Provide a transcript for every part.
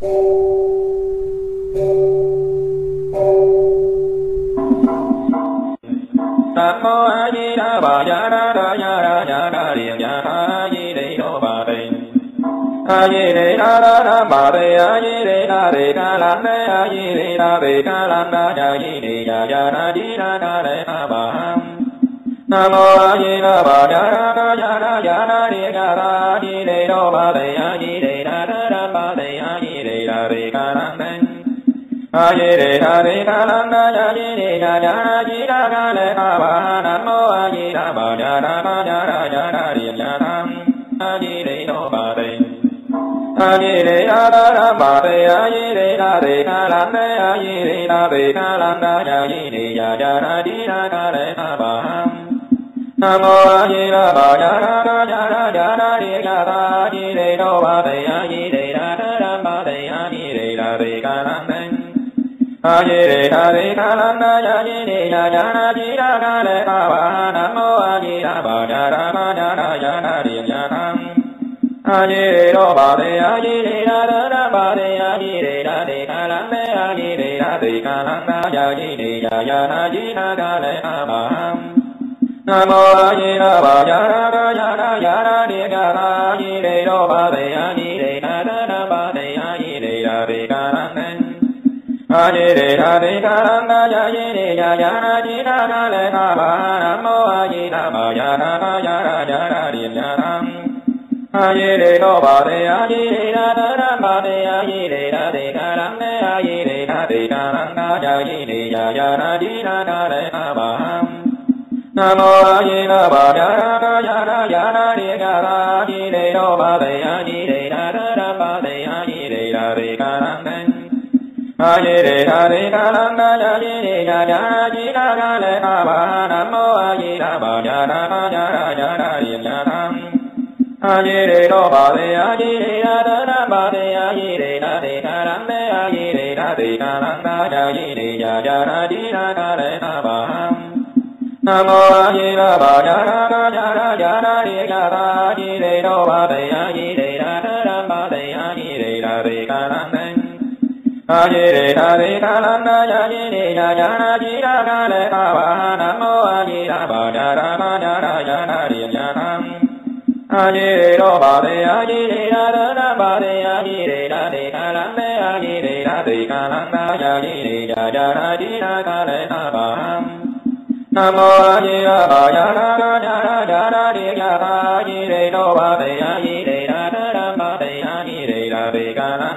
mô a di đà bà ya đa đa ya đa ya đa liền ya tha di đề đô bà đề a di đề đa đa đa bà đề a di đề đa đề ca lan đề a di đề đa đề ca lan đa ya di đề ya ya đa di đa đa đề a bà nam mô a di đà bà ya đa đa ya đa ya đa liền ya tha di đề đô bà đề a di đề đa đa đa bà đề a di a di đề a di đà lan đa ya di đề đà ya a di đà ca lê ca ba nam mô a di đà bà ya đà ba ya đà ya đà điện ya nam a di đề đô bà đề a di đề a đà đà bà đề a di đề đà đề ca lan đa a di đề đà đề ca lan đa ya di đề ya ya a di đà ca lê ca ba nam mô a di đà bà ya đà đà ya đà ya đà điện ya đà a di đề đô bà đề a di đề đà đà ba đề a di đề đà đề ca lan đa အာရေအာရေခာလနာယာယေနေယာယာနာတိရာကလေပါဝါနမောအာရေရာပါဒရာမဒရာယာနာရိယာနံအာရေရောပါရေအာရေရာရာပါရေအာရေရာတေခာလမေအာရေရာတေခာလနာယာယေနေယာယာနာတိရာကလေအာမံနမောအာရေရာပါယာရာယာနာယာနာတေခာအာရေရောပါရေအာရေရာရာပါရေအာရေရာတေခာလ a di đề đà di ca đăng đa ya di đề ya ya le na ba nam mô a di đà ma ya na ma ya na ya na di ba đề a di đề đà ba đề a di đề đà di ca đăng đa a di đề đà di ca đăng đa ya di đề le na ba nam mô a di đà ba ya na na ya na ya na di ca đa ba đề a di đề đà ba đề a di đề đà di ca Aji Re Hari Kananda Yaji Re Yaya Aji Naga Le Kaba Namo Aji Naba Jana Jana Jana Jana Aji Re Do Ba Re Aji Re Yada Naba Re Aji Re Nade Karande Aji Re Nade Kananda Yaji Re Yaya Aji Naga Le Kaba Namo Aji Naba Jana Jana Jana Jana Aji Re Do Ba Re Aji Re Yada Naba Re Aji Re Nade Karande a di đề tha di tha na ya di đề ya ya na di ca đề ta ba nam mô a di đà bà đà đà ya na ya tham a di đề đô bà đề a di đề đa đa đa bà đề a di đề đa ca lan đề ya di đề ya ya na di ca đề ta ba nam mô a di đà ya na ca ya na ya na di ya ta a di đề đô bà đề a di đề đa đa đa bà đề ca lan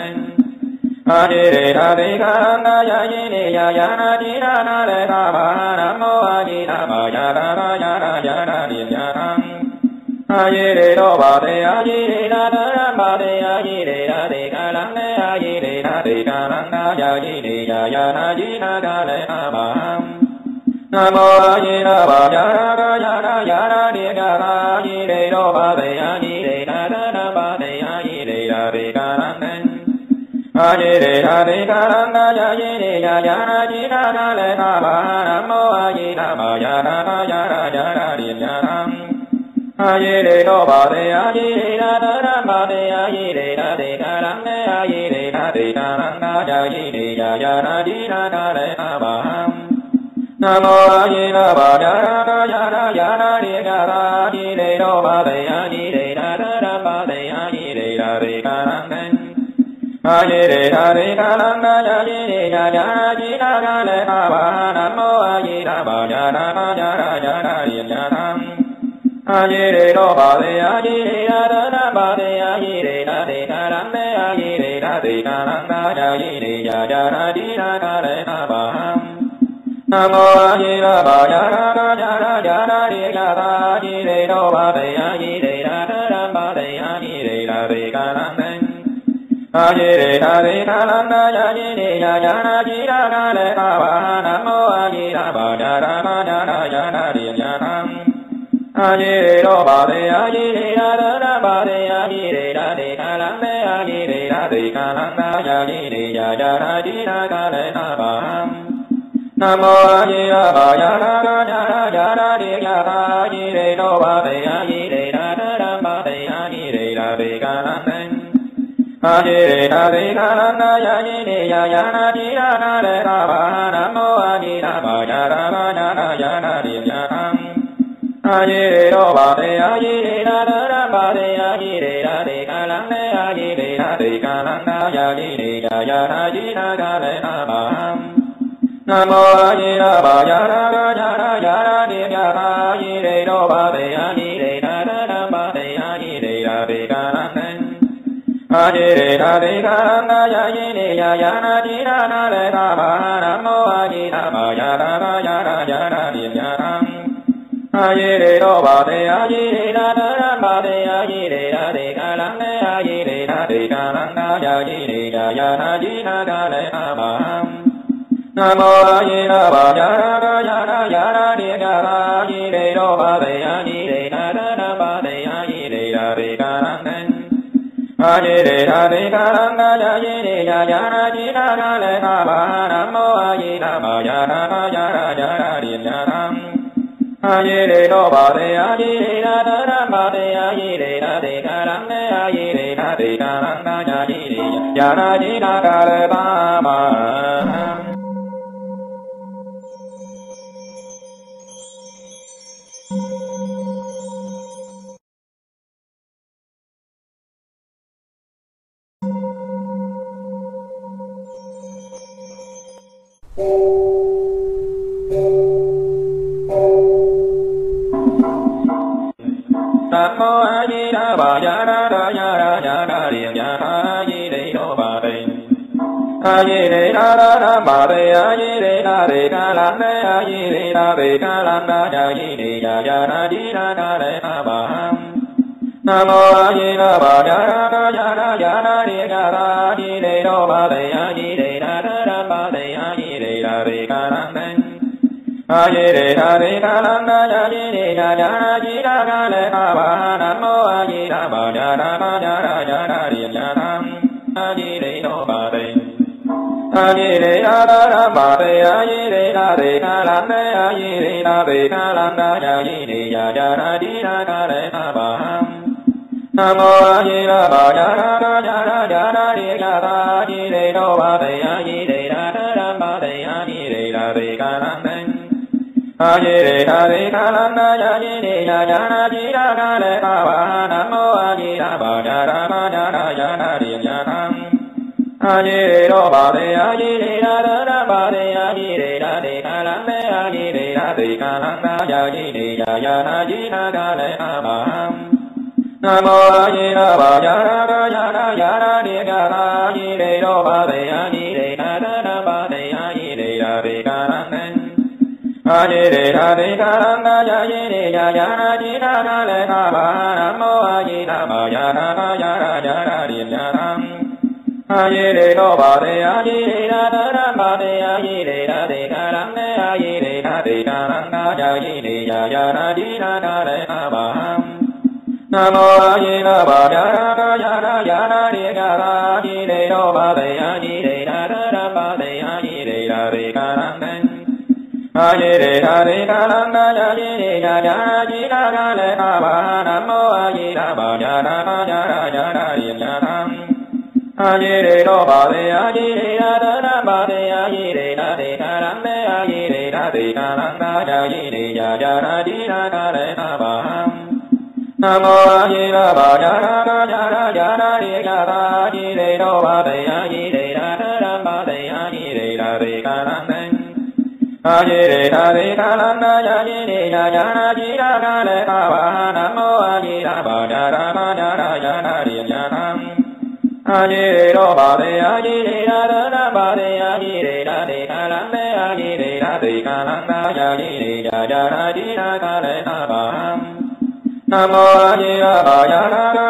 ha di đề đà di ca na ya di ni ya ya na di đà na đề ca ma nam mô a di đà ma ya đà ma ya đà ya đà di ya nam a di đề đô bà đề a di đề đà đà đà bà đề a di đề đà đề ca lăng đề a di đề đà đề ca lăng đà ya di ni ya ya na di đà ca đề ca ma nam mô a di đà bà ya đà ya đà ya đà di ca a di đề đô bà đề a di đề đà đà đà bà đề a di đề đà đề ca ဟာရေရေဟာရေကာရဏယာယေရေယာယာရာဂျိနာနာလေနာဘာရမောအာယေနာဘာယာရာဘာယာရာယာရာရေညာအာယေရေနောဘာရေအာယေရေနာနာရမတေအာယေရေနာတေကာရဏေအာယေရေနာတေကာရဏာယာယေရေယာယာရာဂျိနာနာလေနာဘာနမောအာယေနာဘာယာရာယာရာယာရာရေကာရာအာယေရေနောဘာရေအာယေရေနာနာရမတေအာယေရေနာတေကာရဏေဟာရေရေဟာရေကာလန္နာယာရေရေယာယာတိနာကလေဟာဘာနမောအာယေနာဘာယာနာဘာယာရာယာနာယေယာနာအာယေရေရောဘာလေအာယေရေရာနာဘာလေအာယေရေနာဒေနာရမေအာယေရေနာဒေနာရန္နာယာယေရေယာယာနာတိနာကလေဟာဘာနမောအာယေရာဘာယာနာဘာယာရာယာနာရေကာသာယေရေရောဘာလေအာယေရေရာနာဘာလေအာယေရေနာဒေကာရမေ Ajire Hari Kalanda Yajini Yajana Jira Kale Kawa Namo Ajira Bajara Bajara Jana Diyanam Ajire Do Bade Ajire Yadana Bade Ajire Dade Kalande Ajire Dade Kalanda Yajini Yajana Jira Kale Kawa Namo Ajira Bajara Bajara Jana Diyanam Ajire Do Bade Ajire Dade Kalande Ajire Dade Kalande a di đà di đà na na ya di ni ya ya na di đà na đề đà bà nam mô a di đà bà ya đà bà ya na ya na di ya nam a di đà bà di a di đà đà đà bà di a di đà di ca lăng đề a di đà di ca lăng đà ya di ni ya ya na di đà ca đề đà bà nam mô a di đà bà ya đà bà ya na ya na di ya na a di đà bà di a di đà đà bà di a di đà di ca lăng đề ဟာဟိရေဟာရေကာနာယယိနေယယာနာတိရာနာလေကာဘာရမောဟာဟိနာမယာရာဘာယာရာယာရာတိညာဟာဟိရေရောဘာတေဟာဟိရေနာနာရဘာတေဟာဟိရေဟာရေကာလံနေဟာဟိရေနာရေကာလံနာယယိနေယယာနာတိနာကာလေအာဘာနမောဟာဟိနာဘာယာရာဘာယာရာယာရာတိကာဘာဟိရေရောဘာတေဟာဟိရေနာနာဘာတေဟာဟိရေရာရေကာလံနေ Ani Đề Đà Di Đà Đăng Đà Gia Di Đề Đà Gia Đà Di Đà Đà Lê Đà Bà Nam Mô A Di Đà Bà Gia Đà Bà Gia Đà Gia Đà Điền Gia Đà A Di Đề Đô Bà Đề A Di Đề Đà Đà Đà Bà Đề A Di Đề Đà Đề Ca Đăng Đê A Di Đề Đà Đề Ca Đăng Đà Gia Di Đề Gia Đà Di Đà Ca Lê Bà Bà a di đề đa đa đa bà đề a di đề đa đề ca lan đề a di đề đa đề ca lan đa nhà di đề nhà nhà na di na ca đề a ba. ham nam mô a di đà bà đà đà ya đà đà đà đi ca đà di đề đô ba đề a di đề đà đà đà ba đề a di đề đà đề ca đà a di đề đà đề ca đà đà đà di đề ya đà di đà ca đề ca bà nam mô a di đà phật ya đà ba đà đà đà đà đi đà đà a di đề đô ba đề a di đề đà đà đà ba đề a di đề đà đề ca đà đà a di đề đà đề ca đà ya di đề ya ya đà di đà ca đề ca bà နမောအေရပါဒနာနာနာနာနာရေကပါတိရေနောဝတယယေရေရာရမတယတိရေရာရေကရဏံအာယေရေရာရေကရဏယာယေရေရာယာနာတိရာကရကဝါနမောအေရပါဒရမဒနာယာနာရေညာနံအာယေရေရောပါတေအာယေရေရာရရပါတေအာယေရေရာရေကရဏံအာယေရေရာရေကရဏယာယေရေရာယာနာတိရာကရအာမံနမောယေနဘာယာရာယာရာယာရာဒေကာဟာဟိရေရောဘာဒေယာဟိရေနာရဏဘာဒေယာဟိရေရာဒေကာရဏံအာယေရေရာဒေကာရဏယာယေရေယာယာရာဒေနာရလေကာဘာနမောယေနဘာယာရာယာရာယာရာဒေယာရံအာယေရေရောဘာဒေယာဟိရေနာရဏဘာဒေယာဟိရေရာဒေကာရဏေအာယေရေရာဒေကာရဏယာယေရေယာယာရာဒေနာရလေကာဘာနမောယေနဘာဒာယာနာယာနာရေကာရာဟိရေနောဘာဒယာဟိရေရာရာဘာဒယာဟိရေရာရေကာရံတံအာယေရေဟာရေကာရံနာယာယေရေယာယာယေနာကလေအာဘာနမောအာယေနဘာဒာနာဘာဒာယာနာရေယာနာအာယေရေနောဘာဒယာယေရေရာရာဘာဒယာဟိရေရာရေကာရံတေအာယေရေရာရေကာရံနာယာယေရေယာယာနာဒီနာကလေအာဘာ南无阿弥陀佛，呀呀呀呀呀，地呀地，地哆吧呗呀，地呀地，南吧呗呀，地呀地，地卡啷当。阿弥地，地卡啷当呀，地地呀呀，地呀卡嘞卡哇。南无阿弥陀佛，呀啦嘛呀啦呀啦地呀当。阿弥地哆吧呗呀，地呀地，南吧呗呀，地呀地，地卡啷呗，阿地呀地，地卡啷当呀，地地呀呀，地呀卡嘞卡哇。nam mô a di đà phật ya na na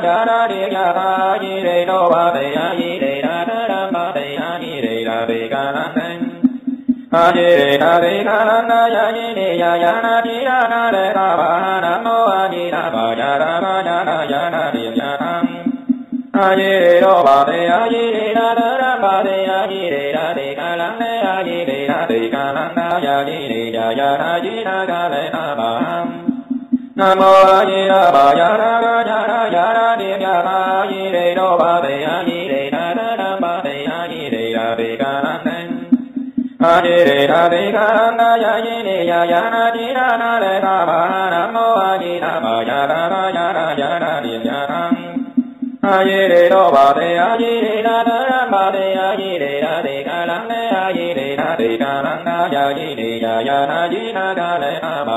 na na ya na di ya na di đề đô ba đề a di đề na na na ba đề a di đề là đề ca nam mô a di đề na đề ca na na ya di đề ya ya a di na na đề ca ba nam mô a di đà phật ya na ma ya na ya na di ya nam a di đề đô ba đề a di đề na na na ba đề a di đề na đề ca nam mô a di đề na đề ca na na ya di đề ya ya na di na ca na ba နမောအေယဘာယရာရာရာရာရာတိမြာဟာယိရေနောဘာဒေယိရေနာနာဘာဒေယိရေရာဘေကာနံအာဟိရေရာဘေကာနာယယိနေယယာနာတိနာနာလေကာဘာနမောအာဟိနာဘာယရာရာရာရာရာရာတိမြာဟာအာယိရေနောဘာဒေယိရေနာနာဘာဒေယိရေရာဘေကာနံအာယိရေရာဘေကာနံနာယယိနေယယာနာတိနာကာလေအာဘာ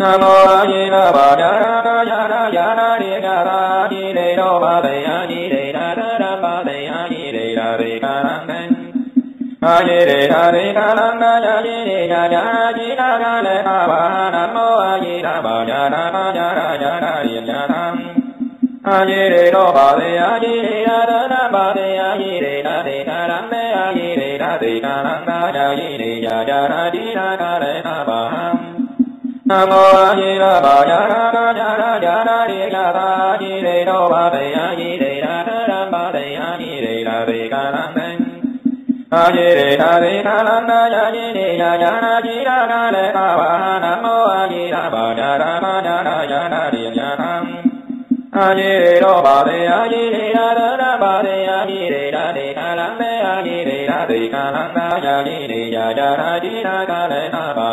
နမောအေနဘာဒနာယနာယနာရေကရာတိရေရောဘာဒယာတိရေရာရာဘာဒယာတိရေရာရေကရဏံအာရေရေရာရေကရဏယာတိရေရာယာတိနာကလေအဘာနမောအေနဘာဒနာဘာဒနာယနာရေယနာအာရေရေရောဘာဒယာတိရေရာရာဘာဒယာတိရေရာရေကရဏံအာရေရေရာရေကရဏယာတိရေရာယာတိနာကလေအဘာနမောအိရပါယနာနာနာနာနာရေကသာတိရေနောဘာတေယိရေရာရံဘာတေယိရေရာရေကနံအာရေရေရာရေကနံနာယိရေရာယာနာတိရာနာလေကဝါနမောအိရပါယနာနာနာနာယနာရေညာနံအာရေရေရောဘာတေယိရေရာရံဘာတေယိရေရာရေကနံမေအာရေရေရာရေကနံနာယိရေရာယာနာတိရာကလေကဝါ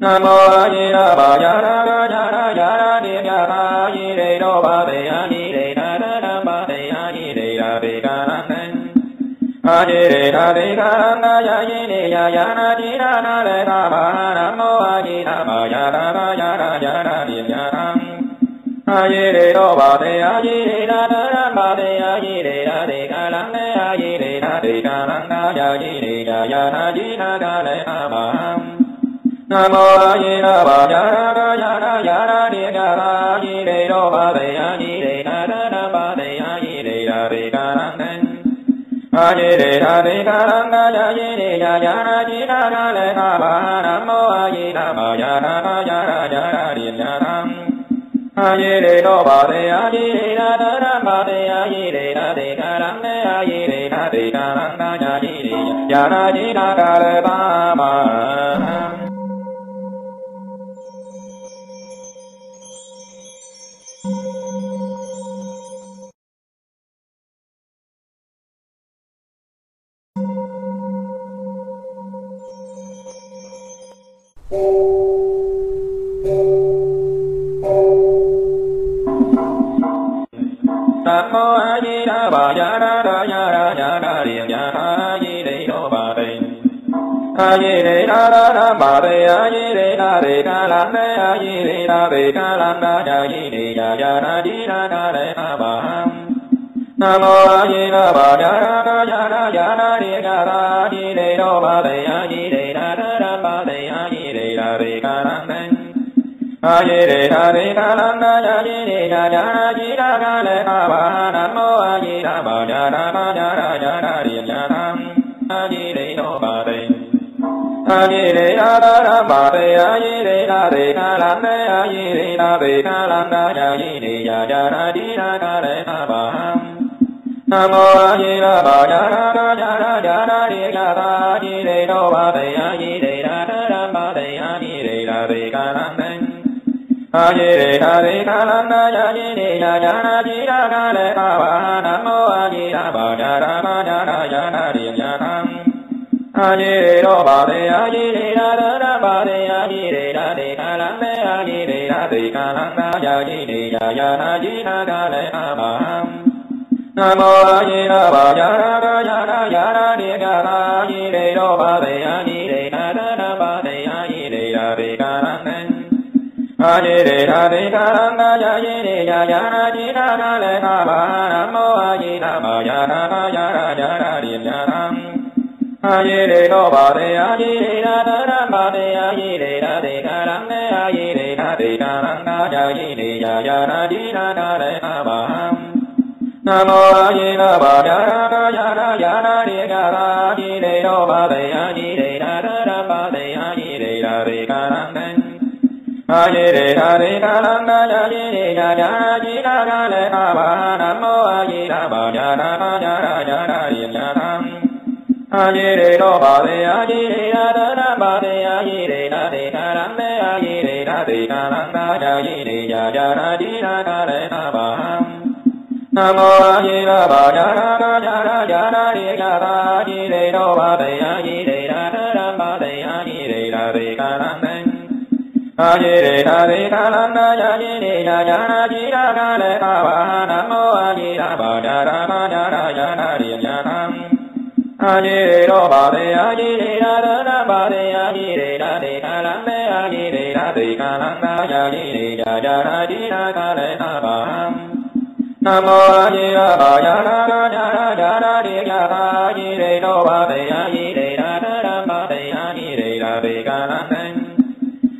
nam mô a di đà phật ya ra ra ya ra ya ra ni ya ba di đề đô ba đề a di đề na na na ba đề a di đề ra đề ca na na a di đề ra đề ca na na ya di đề ya ya na di na na đề na ba nam mô a di đà phật ya ra ra ya ra ya ra ni ya ra a di đề đô ba đề a di đề na na na ba đề a di đề ra đề ca na na a di đề ra đề ca na na ya di đề ya ya na di na ca đề a ba nam mô bà ya đa đa ya đa ya đa liền ya tha di đề đô bà đề a di đề đa đa đa bà đề a di đề đa đề ca lan đê a di đề đa đề ca lan đa giá di đề ya giá đa di đa đa đề a bà nam mô a di đà bà ya đa đa giá đa giá đa liền giá đa di đề đô bà đề a di đề đa đa đa bà đề a di a di đề a di đà lan đa ya di đề đà ya a di đà ca lê ca ba nam mô a di đà bà ya đà ba ya đà ya đà điền ya nam a di đề đô bà đề a di đà đà đà bà đề a di đà đề ca lan đê a di đề đà di đề di đà ca lê ba nam mô a di đà bà ya đà đà ya đà ya đà điền ya đà a di a di đà đà đà bà đề a di đà đề ca lan အာရေဟာရေခာလနာယာယေနေယာယာနာတိရာကလေအဝါနမောအာရေရာဘာဒရာမဒရာယာနာရေယာနံအာရေရောဘာရေအာရေရာရာဘာရေအာရေရာရေခာလမေအာရေရာတိခာလနာယာယေနေယာယာနာတိရာကလေအဝါနမောအာရေရာဘာယာရာယာနာယာနာရေကာအာရေရောဘာရေအာရေရာရာဘာရေအာရေရာရေကာနံအာတိရေအာတိကာရဏယာယေရေယာယာရာတိနာနာလေကာဘာရမောအာယေနာမယာနာမယာရာယာရာရိယာရံအာယေရေနောဘာရေအာယေရေနာနာရမတေအာယေရေနာတေကာရဏေအာယေရေနာတေကာရဏယာယေရေယာယာရာတိနာနာလေကာဘာနမောအာယေနာဘာယာရာယာရာယာရာရိကာရာယေရေနောဘာရေအာယေရေနာနာရမတေအာယေရေနာတေကာရဏေ Aji Re Hari Kananda Yaji Nina Yaji Naga Le Kaba Namo Aji Naba Jana Jana Jana Jana Jana Aji Re Do Ba Re Aji Re Ada Na Ba Re Aji Re Na Re Na Ram Re Aji Re Na Re Na Ram Na Yaji Re Ya Jana Ji Naga Le Kaba Namo Aji Naba Jana Jana Jana Re Kaba Aji Re Do Ba Re Aji Re Na Re Ram Ba Re Aji Re Na Re Na Ram Re a di đề đà di đà lan đà ya di đề đà ya na di đà ca đề ca bà ha nam mô a di đà bà đà đà ma đà đà ya na di ya tham a di đề đô bà đề a di đề đà đà đà bà đề a di đề đà đề ca lan đề a di đề đà đề ca lan đà ya di đề đà ya na di đà ca đề ca bà ham nam mô a di đà bà ya na ca ya na ya na di ya ca a di đề đô bà đề a di đề đà đà đà bà đề a di đề đà đề ca lan đề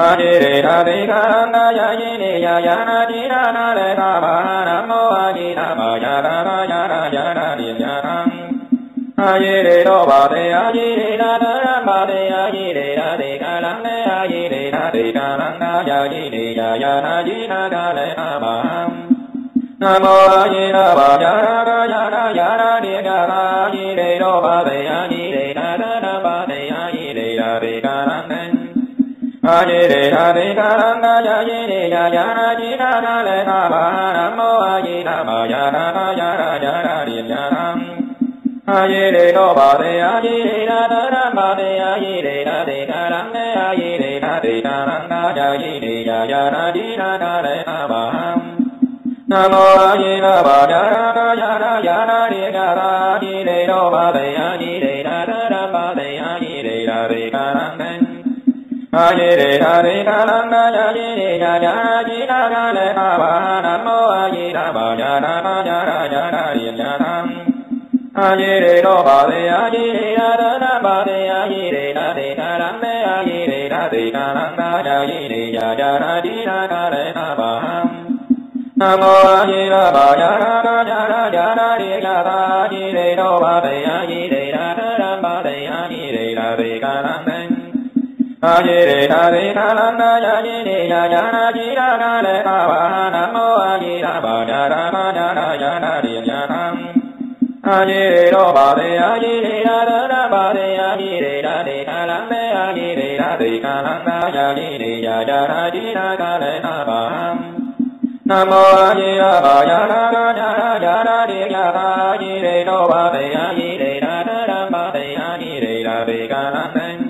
ha di đề đà di ca na ya di đề ya ya na di đà na đề ca ba nam mô a di đà ma ya đà ma ya đà ya đà di ya nam a di đề đô ba đề a di đề đà đà ram ba đề a di đề đà đề ca lam đề a di đề đà đề ca lam đà ya di đề ya ya na di đà ca đề ca ba nam mô a di đà ba ya đà ca ya đà ya đà di ca a di đề đô ba đề a di đề đà đà ba đề a di đề đà đề ca အာရေရေဟာရေကာရဏယာယေရေယာယာရာတိနာနာလေကာဘာရမောအာယေနာမာယာနာနာယာရာယာရာရိယာရံအာယေရေနောဘာရေအာယေရေနာနာရမတေအာယေရေနာတေကာရဏေအာယေရေနာတေကာရဏယာယေရေယာယာရာတိနာနာလေကာဘာနမောအာယေနာဘာယာရာနာယာရာယာရာရိကာရာယေရေနောဘာရေအာယေရေနာနာရမတေအာယေရေနာတေကာရဏေဟာရေရေဟာရေကာလန္နာယာရေယာယာတိနာကလေဟာဘာနမောအယေနာဘာယာနာဘာယာရာယာနာယေယာနာအာယေရေရောဘာရေအာယေရေရာနာဘာရေအာယေရေနာဒေနာရမေအာယေရေနာဒေနာရန္နာယာယေရေယာယာနာတိနာကလေဟာဘာနမောအယေနာဘာယာနာယာနာယာနာရေကာသာယေရေရောဘာရေအာယေရေရာနာဘာရေအာယေရေနာဒေကာရမေအာရေရေဟာရေဟာလနာယာယေနေယာယာနာတိရာကလေအဝါနမောအာရေရာဘာဒရာမဒရာယာနာရေယာဟံအာရေရေရောဘာရေအာရေရေရာရာဘာရေအာရေရေရာရေဟာလမေအာရေရေရာရေကာလနာယာယေနေယာယာနာတိရာကလေအဝါနမောအာရေရာဘာယာနာနာယာနာယာနာရေယာဟာရေရေရောဘာရေအာရေရေရာရာဘာရေအာရေရေရာရေကာလနာ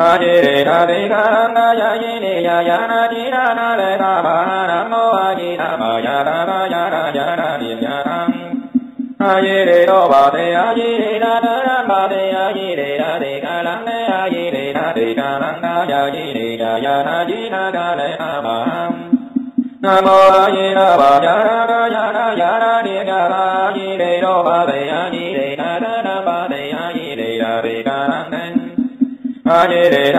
အာတိရေအာတိကာနာယယိနေယယာနာတိနာနာလေကဘာနာမောအာတိနာမယာရာရာယာရာယာရာတိညာံအာယေရေရောဘာတေအာယေရေနာနာဘာတေအာယေရေအာတိကာလံနေအာယေရေနာတိကာလံနာယယိနေယယာနာတိနာကလေအဘာနမောအာယေနာဘာယာရာရာယာရာယာရာတိကဘာယေရေရောဘာတေအာယေရေနာနာဘာတေအာယေရေအာတိကာလံ Ani Đề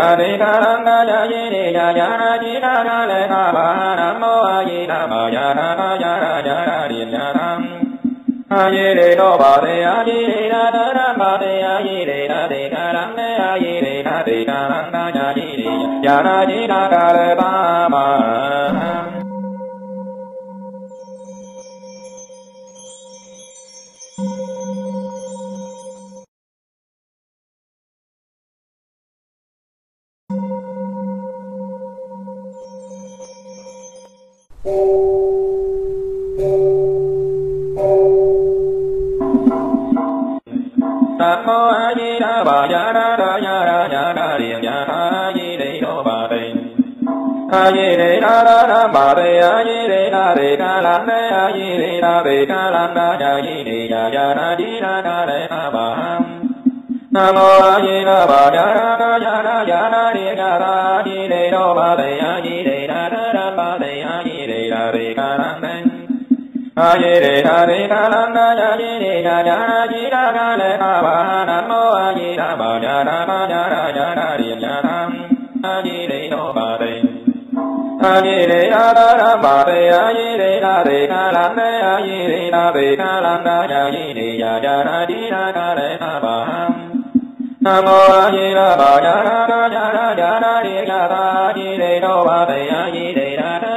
Tam mô A Di Đà Bà Dạ Đà Đà Dạ Đà Dạ Đà Điền Dạ Đà Di Đà Đô Bà Tỳ. A Di Đà Đà Đà Bà Tỳ A Di Đà Tỳ Ca Lan Đế A Di Đà Tỳ Ca Lan Đà Dạ Di Đì Dạ Dạ Đà Di Đà Ca Đế A Bà Nam mô A Di Đà Bà Dạ Đà Đà Dạ Đà Dạ Đà Điền Dạ Đà Di Đà Đô Bà Tỳ A Di Đà Đà Đà Bà Tỳ A Di A le ba hari karanang Ajire hari karanga yajire yajara jira kale kava namo ajira bajara bajara jara riyaram Ajire no bade Ajire yadara a di nare karanga ajire nare a di yajara jira kale kava a di bajara bajara jara riyaram a di bade ajire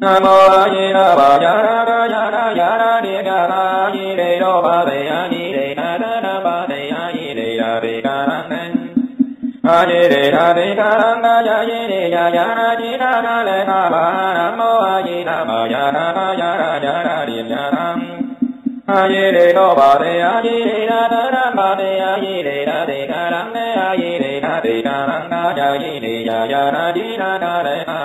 nam mô a di đà bà ya ra ra ya ra ya ra đi ga ra di đề đô ba đề a di đề na đa na ba đề a di đề đà đề ca ra nên a di đề đà đề ca ra na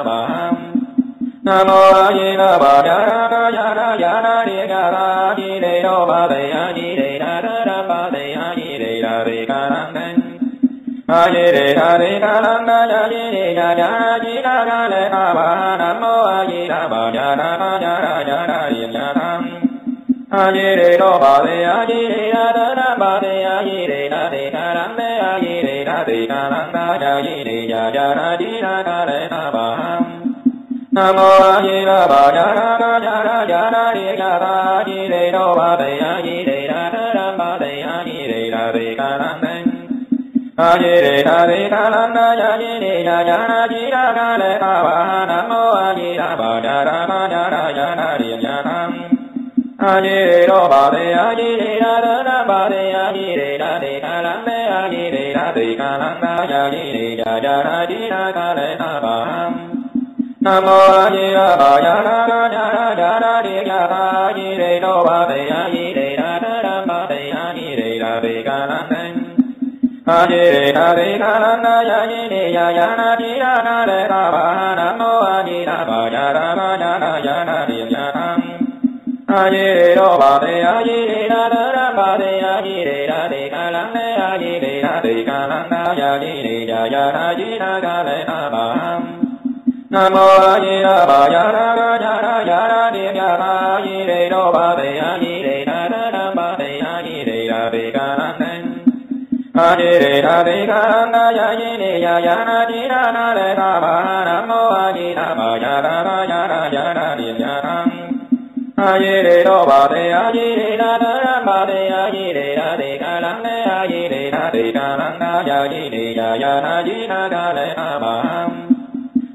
နမောယေနဗာဒနာယာနာယာနာရေကာရာဟိရေနောပါဒယာဟိရေရာရာပါဒယာဟိရေရာရေကာရဏံအာယေရေဟာရေကာရဏယာယေရေယာယာယေနာကလေအာဘာနမောယေနဗာဒနာယာနာယာနာရေယာနာအာယေရေနောပါဒယာဟိရေရာရာပါဒယာဟိရေရာရေကာရဏံအာယေရေရာရေကာရဏယာယေရေယာယာနာဒီနာကလေအာဘာ南无阿弥陀佛，呀啦呀啦呀啦滴呀，阿弥陀佛，贝呀，阿弥陀，南无阿弥陀佛，贝呀，阿弥陀，滴卡啷当，阿弥陀，滴卡啷当呀，阿弥陀，呀呀滴，阿卡嘞，阿巴。南无阿弥陀佛，呀啦呀啦呀啦滴呀，阿弥陀佛，贝呀，阿弥陀，南无阿弥陀佛，贝呀，阿弥陀，滴卡啷当，阿弥陀，滴卡啷当呀，阿弥陀，呀呀滴，阿卡嘞，阿巴。nam mô a di đà phật ya na na ya na ya na di a di đề đô ba đề a di đề đa đa đa ba đề a di đề đà đề ca a di đề đa đề ca na na ya di đề ya ya na di đa na đề đa ba nam mô a di đà phật ya na ma ya na ya na di ya nam a di đề đô ba đề a di đề đa đa ba đề a di đề đa đề ca na nan a di đề đa đề ca na na ya di đề ya ya na di đa ca đề đa ba နမောအေအဘာယာရာရာရာရာရာတိမြာရာယိရေရောဘာတေယိရေနာရဘာတေယိရေရာဘေကာနံအာရေရေရာဘေကာနာယယိနေယာယာနာတိရာနာလေကာဘာနမောအာတိနမယာရာရာရာရာရာရာတိမြာရာအာယေရေရောဘာတေအာယေရေနာနာဘာတေအာယေရေရာတေကာလံနေအာယေရေနာတေကာလံနာယာယေရေယာယာနာယေနာကာလေအာဘာဟံ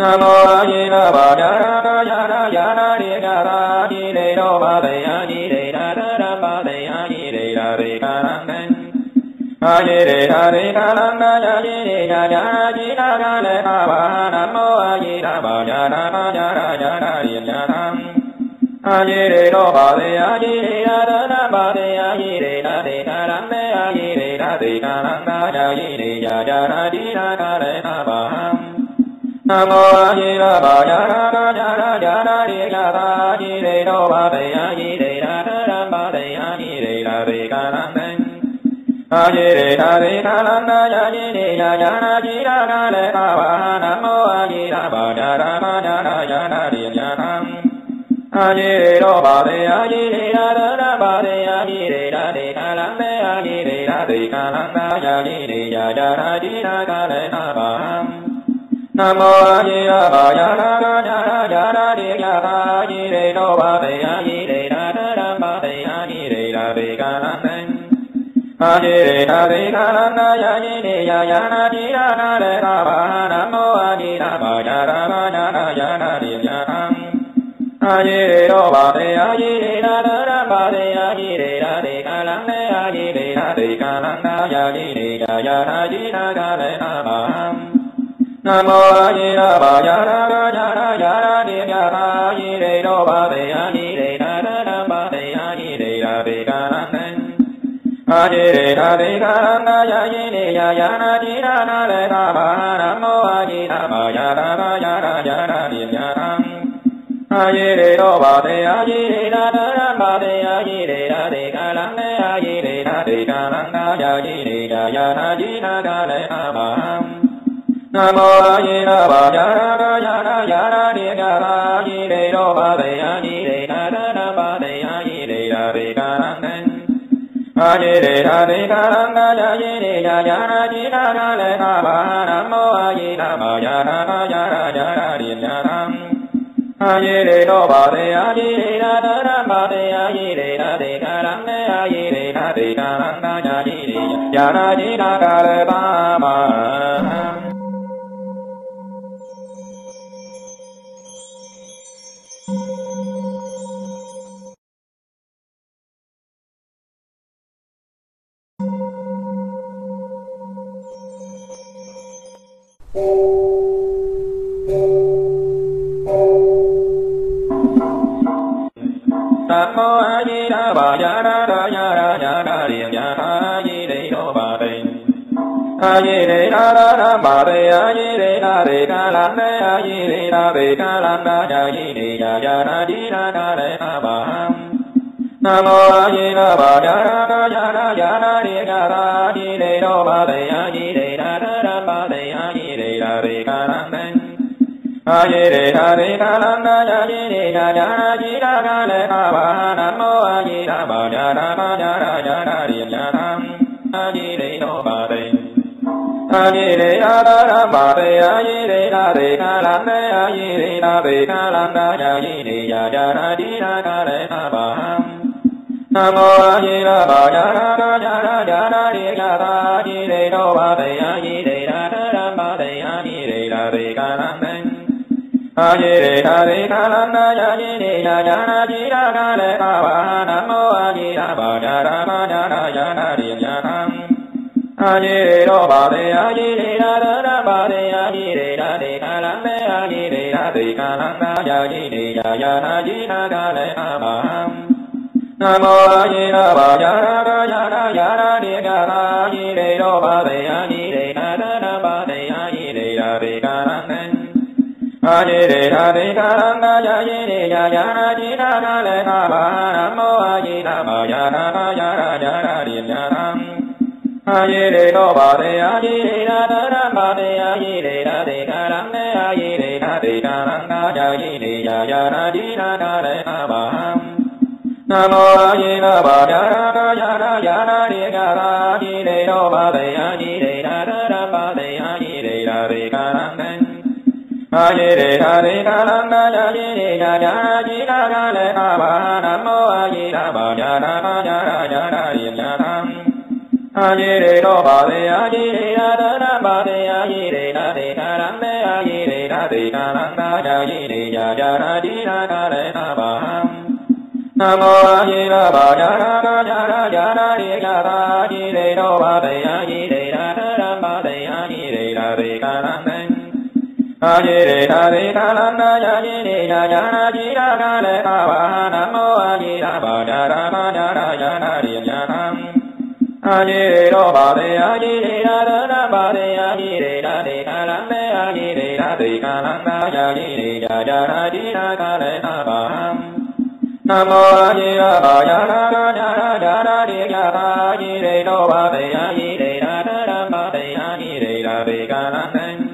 နမောအေနဘာဒနာယနာယနာရေကရာတိလေရောဘာဒယာတိလေရာရဘာဒယာတိလေရာရေကရဏံအာရေရေရာရေကရဏယာတိလေရာယာတိနာကလေနာဘာနမောအေနဘာဒနာဘာဒနာယနာရေညာနံအာရေရေရောဘာဒယာတိလေရာရဘာဒယာတိလေရာရေကရဏံအာရေရေရာရေကရဏယာတိလေရာယာတိနာကလေနာဘာ namo ahira baya rama jana jana re gara hire no vade ahire rama de ahire rare gara ahire jana jira namo jana jana rama me jana jira namo ajiya vaya na na na na ya na di ya na ji re no va ve ya ji re na na ma ra na na ya ya na ra na re namo ra na na ya na na ra na na na ya ya ji na နမောအေရပါယရာရာရာရာရာနေမြာပါယိရေရောပါဒေယဟိရေနာနာနာပါဒေယဟိရေရာဒေကာနံအာရေရေရာဒေကာနာယယိနေယယာနာတိနာနာလေကာပါနမောအေရပါယရာရာရာရာရာရာနေမြာအာယေရေရောပါတေအာယေရေနာနာရပါတေအာယေရေရာတေကာလံနေအာယေရေရာတေကာလံနာယာယေရေရာယာနာတိနာကလေအာမံ nam mô nam mô a di đà bà ya ra ra ya ra ya ra liền ya tha a di đề đô bà đề a di đề đa đa đa bà đề a di đề đa đề ca lan đề a di đề đa đề ca lan đa ya di đề ya ya ra di ra ca đề a bà nam mô a di đà bà ya ra ra ya ra ya ra liền ya ra a di đề đô bà đề a di đề đa đa đa bà đề a di đề đa đề ca lan đề Ajire hari kalanda jadi dina jana jira kale kawa namo ajira bajara bajara jana riya nam ajire no bade ajire adara bade ajire nare kalanda ajire nare kalanda jadi jana jira kale kawa namo ajira bajara bajara jana riya ajire no bade ajire nare bade ajire nare kalanda အာယေရေဟာရေခာလန္နာယာယေနေယာယာနာတိရာကလေအဝါနမောအာယေရာဘာဒာရမဒာနာယာနာရိယာနံအာယေရေရောဘာရေအာယေရေရာရဘာရေအာယေရေရာတေခာလန္နေအာယေရေရာတေခာလန္နာယာယေနေယာယာနာတိရာကလေအဝါနမောအာယေရာဘာယာရာယာနာယာနာတိကာအာယေရေရောဘာရေအာယေရေရာရဘာရေအာယေရေရာတေခာလန္နေ a di đề đà di đà đà đà ya di đề ya ya đà di đà đà lệ nam mô a di đà bà ya đà bà ya đà ya đà di ya đà a di đề đô bà đề a di đề đà đà đà bà đề a di đề đà đề đà đà đề a di đề đà đề đà nam mô a di đà bà ya đà đà ya đà ya đà di đà đà di đề đô bà đề a di အာလိရေအာရိကာလန္တလာလိရေနာယာတိနာကလေအာဘာနမောအာယိနာဘာညာနာဘာညာနာညာနာယညာနာအာယိရေရောဘာဝေအာယိရေအာဒနာဘာဝေအာယိရေနာတေကာရမေအာယိရေနာတေကာရန္တာယာယိရေညာညာနာတိနာကလေအာဘာနမောအာယိနာဘာညာနာဘာညာနာညာနာရေကာရာယိရေရောဘာဝေအာယိရေနာတေကာရမေအာယိရေနာတေကာရန္တာ a di đề đà di đà lan đa ya di đề đà ya na di đà ca đề ca bà ha nam mô a di đà bà đà đà ma đà đà ya na di ya tham a di đề đô bà đề a di đề đà đà đà bà đề a di đề đà đề ca lan đa a di đề đà đề ca lan đa ya di đề đà ya na di đà ca đề ca bà nam mô a di đà bà ya na ca ya na ya na di ya ca a di đề đô bà đề a di đề đà đà đà bà đề a di đề đà đề ca lan đa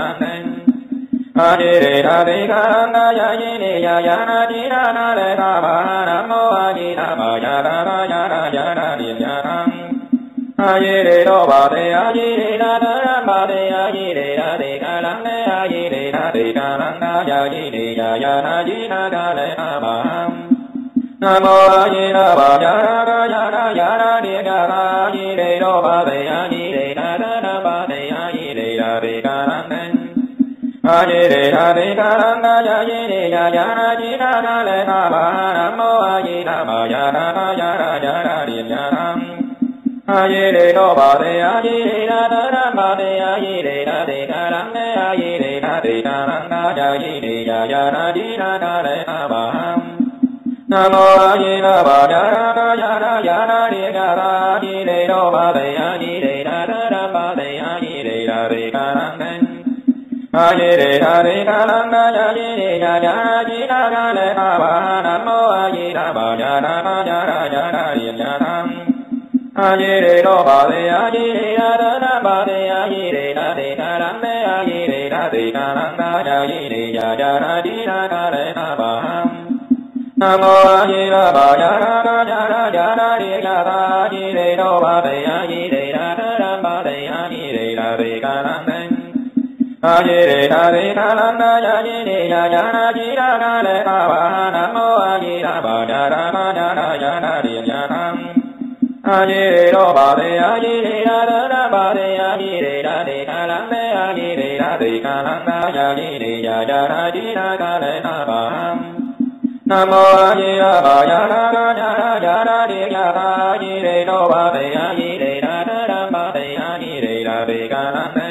ဟာရေရာရေခာနာယယေနေယယာနာတိရာနာလေခာဘာနမောအာတိနာမယာရာရာယာရာယာရာတိညာဟံအာယေရေရောဘာတေအာယေရေနာနာရမတေအာယေရေရာတေကာလံနေအာယေရေရာတေကာလံနာယယေနေယယာနာတိနာကလေခာဘာနမောအာယေနာဘာယာရာယာရာယာရာတိကာအာယေရေရောဘာတေအာယေရေနာနာဘာတေအာယေရေရာတေကာလံနေအာရေရေဟာရေကာရဏယာယေရေယာယာရာတိနာနာလေနာဘာရမောအာယေနာမာယာနာနာယာရာယာရာရိညာံအာယေရေနောဘာရေအာယေရေနာနာရမာရေအာယေရေနာတေကာရဏေအာယေရေနာတေကာရဏယာယေရေယာယာရာတိနာနာလေနာဘာနမောအာယေနာဘာယာရာနာယာရာယာရာရိကာရာယေရေနောဘာရေအာယေရေနာနာရမာရေအာယေရေနာတေကာရဏေ hare re hare ananda yagi yagi nagane avana mo ayira bhajana bhajana jana yajanam hare re no namo bhajana jana hare a di đề a di đà lan đa ya di đề ya ya na di đà đa lệ ta bà ha nam mô a di đà bà đà đà ma đà đà ya na điền ya tham a di đề đô bà đề a di đề đà đà đà bà đề a di đề đà đề ca lan đê a di đề đà đề ca lan đa ya di đề ya ya na di đà ca lệ ta bà ha nam mô a di đà bà ya đà đà ya đà ya đà điền ya ta a di đề đô bà đề a di đề đà đà đà bà đề a di đề đà đề ca lan đê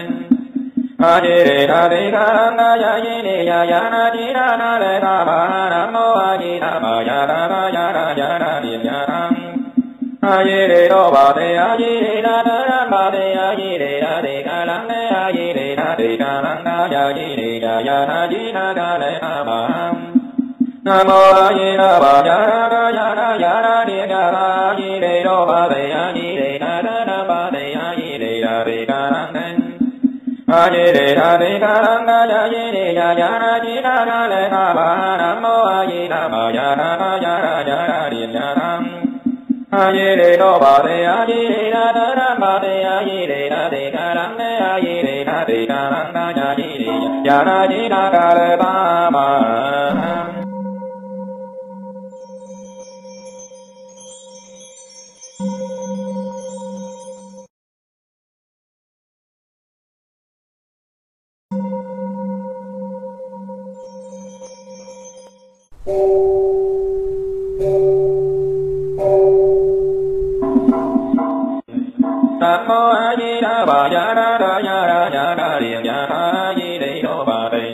အာတိရေအာတိကာနာယယိနေယယာနာတိနာနာလေကာဘာရမောအာတိနာမယာရာဘာယာရာယာနာတိညာံအာယေရေရောဘာတေအာယေရေနာနာဘာတေအာယေရေအာတိကာလံနေအာယေရေနာတိကာလံနာယယိနေယယာနာတိနာကာလေအာဘာနမောအာယေနာဘာယာရာဘာယာရာယာနာတိကာဘာယေရေရောဘာတေအာယေရေနာနာဘာတေအာယေရေရာတိကာလံ Ani Đề ya giá đa ya đa ya đa liền ya tha di đề đô bà đề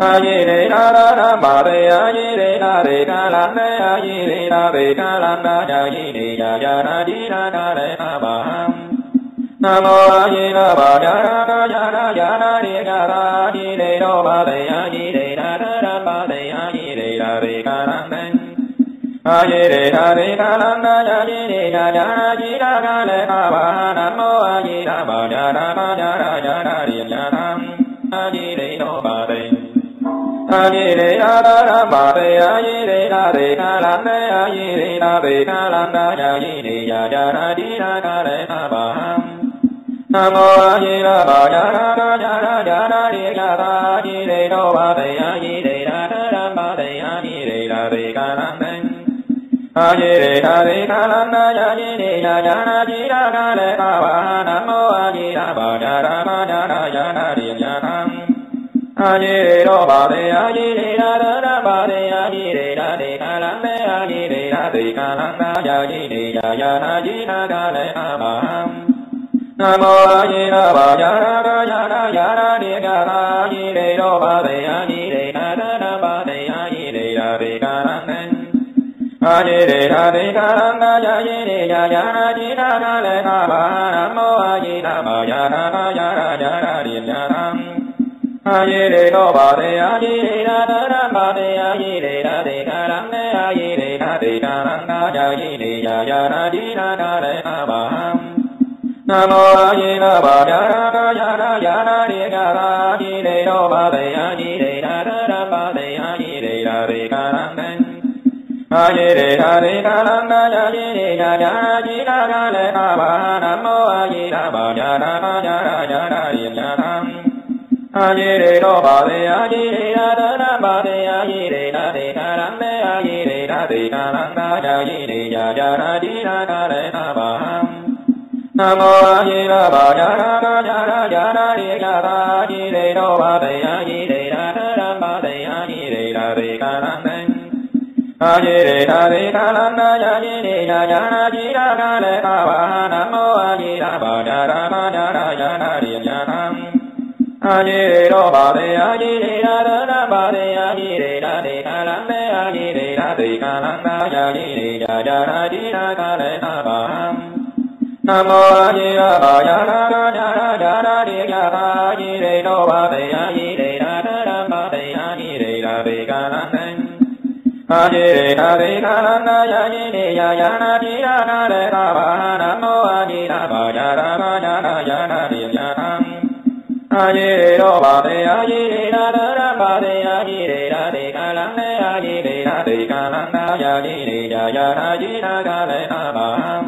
a di đề đa đa đa bà đề a di đề đa đề ca lan đê a di đề đa đề ca lan đa ya di đề ya ya đa di đa ca đề a bà nam mô a di đà bà giá đa đa ya đa ya đa đề ca la di đề đô bà đề a di đề đa đa đa bà đề a di đề đa đề ca lan đê a di đà di đà lan đà ya di đề đà ya di đà ga đề đà bà nam mô a di đà bà ya đà ba ya đà di ya nam a di đề đô bà a di đà di đề đà a di đà di đề di đà ga đề đà bà nam mô a di đà bà ya đà di đà di đề đô a di đà đà bà a di đà đề đà lan အာယေရေဟာရေကာလနာယယေရေယာယာနာတိရာကလေပါဝါနမောအာယေရာပါဒရာမဒရာယာနာရေညာဟံအာယေရေရောပါရေအာယေရေရာရာပါရေအာယေရေရာရေကာလမေအာယေရေရာရေကာလနာယယေရေယာယာနာတိရာကလေပါဝါနမောအာယေရာပါယာနာယာနာယာနာရေကာအာယေရေရောပါရေအာယေရေရာရာပါရေအာယေရေရာရေကာလနာ a di đề đà di đà đăng đa ya di đề ya ya na di đà đa lê na ba nam mô a di đà ma ya na na ya na ya na di ya nam a di đề đô ba đề a di đề đà đa đăng ba đề a di đề đà đề đà đăng đê a di đề đà đề đà đăng đa ya di đề ya ya na di đà đa lê na ba nam mô a di đà ba ya na na ya na ya na di đà đa di đề đô ba đề a di đề đà đa đăng ba đề a di đề đà đề đà đăng đê ဟာရေရေဟာရေကာလန္တယာတိယာယာတိကာကလေကာဘာနမောအာယေနာဘာညာနာဘာညာရာညာနာယေညာနာဟာရေရေတော့ပါလေအာယေရေရာဒနာပါလေအာယေရေနာတေကာရမေအာယေရေနာတေကာလန္တယာယေရေယာယာနာတိနာကာလေကာဘာနမောအာယေနာဘာညာနာဘာညာရာညာနာယေကာဘာအာယေရေတော့ပါလေအာယေရေရာဒနာပါလေအာယေရေနာတေကာရမေအာရေရေဟာရေကာလနာယာရေရေယာယာနာတိရာကလေကဝါနမောအာရေရာဘာဒရာဘာဒရာယာနာရေယာနာအာရေရေရောဘာရေအာရေရေရာရဏဘာရေအာရေရေရာရေကာလမေအာရေရေရာရေကာလနာယာရေရေယာယာနာတိရာကလေကဝါနမောအာရေရာဘာယာနာနာယာနာယာနာရေယာအာရေရေရောဘာရေအာရေရေရာရဏဘာရေအာရေရေရာရေကာလနာ Hare Hare Karana Yayini Yayana Dhirana Rekavana Namo Adina Vajara Vajara Yana Dhiryanam Ayire Obade Ayire Nadara Bade Ayire Nade Kalande Ayire Nade Kalanda Yayire Yayana Jina Kalena Baham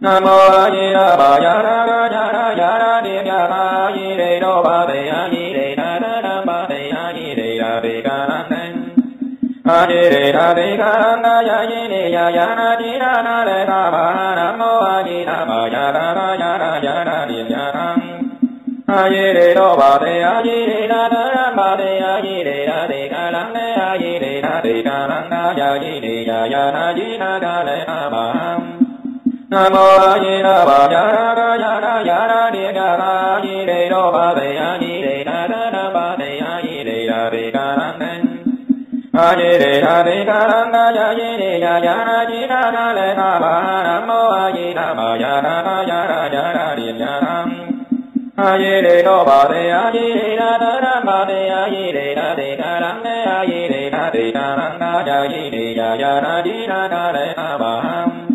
Namo Ayira Vajara Vajara Yana Dhiryanam Ayire Obade Ayire Nadara Bade Ayire Nade Kalanda အာတိရေအာတိကာနာယယိနေယယာနာတိရာနာလေကဘာနမောအာတိနာမယာရာမယာရာယာရာတိယာရံအာယေရေရောဘာတေအာယေရေနာနာဘာတေအာယေရေအာတိကာလံနေအာယေရေနာတိကာလံနာယယိနေယယာနာတိနာကလေအဘာနမောအာယေနာဘာယာရာယာရာယာရာတိကာအာယေရေရောဘာတေအာယေရေနာနာဘာတေအာယေရေရာတိကာလံ a di đề đà di đà đăng a ya di đề đà ya ra di đà đa lệ đà bà nam mô a di đà bà ya đà đa ya ra ya ra di ya nam a di đề đô bà đề a di đề đà đa đa bà đề a di đề đà đề đà đăng đề a di đề đà đề đà đăng đa ya di đề đà ya ra di đà đa lệ đà bà nam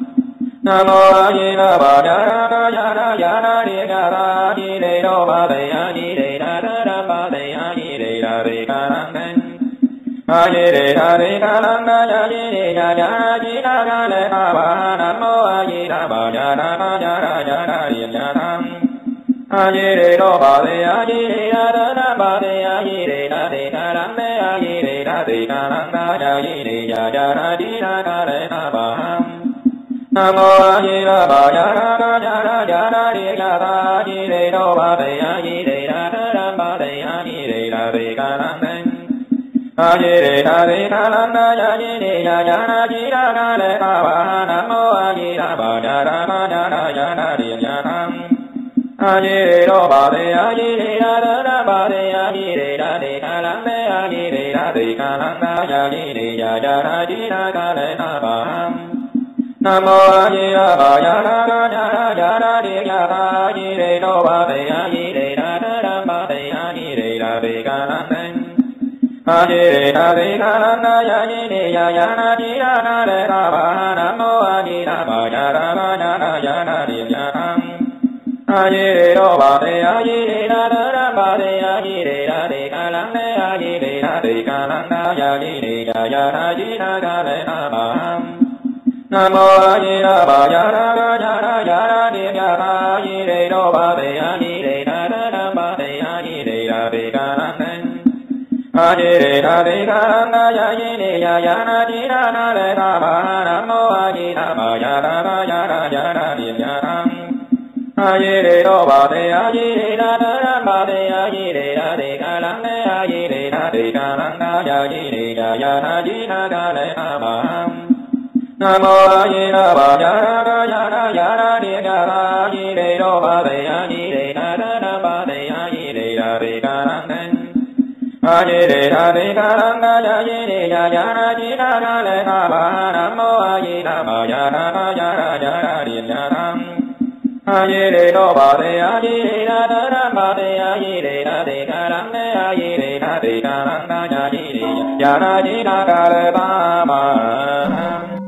nam mô a di đà bà ya ra đa ya ra ya ra di đà đa di đề đô bà đề a di đề đà đa đa bà đề a di đề đà đề đà đăng đề a di đề đà di đà lan đà ya di đề đà ya di đà ga đề đà bà nam mô a di đà bà ya đà ba ya đà ya đà di ya tham a di đề đô bà di a di đề đà đà đà bà di a di đề đà di đà đàm đề a di đề đà di đà lan đà ya di đề ya ya đà di đà ga đề đà bà nam mô a di đà bà ya đà đà ya đà ya đà di đà đà di đề đô bà di a di đề đà đà đà bà di a di đề đà di đà lan đà a di đà di đà lan đa ya di đề ya di đà na đề ta ba nam mô a di đà bà ya ra ma ya na ya di ya nam a di đề đô bà a di đà đà đà a di đà đề đà lan đề a di đề đà đề ca lan đa ya di đề ya di ca đề ta a di đà bà ya ra ma ya na ya di ya di đề di đề di ca lan đề Om Hare Krishna Hare Krishna Krishna Krishna ဟာရေရာရေကာနာယယေနေယယာနာတိရာနာလေကာဘာရမောအာတိနာမယာရာရာယာရာယာရာတိညာံအာယေရေရောဘာတေအာယေရေနာနာရမတေအာယေရေရာတေကာလံနေအာယေရေရာတေကာလံနာယယေရေယာယာနာတိနာကာလေအာမံနမောအာယေရာဘာယာရာယာရာယာရာတိကာအာယေရေရောဘာတေအာယေရေနာနာရမတေအာယေရေရာတေကာလံနေ Aji Đề Đà Di Lê Bà Mô Bà Lê Bà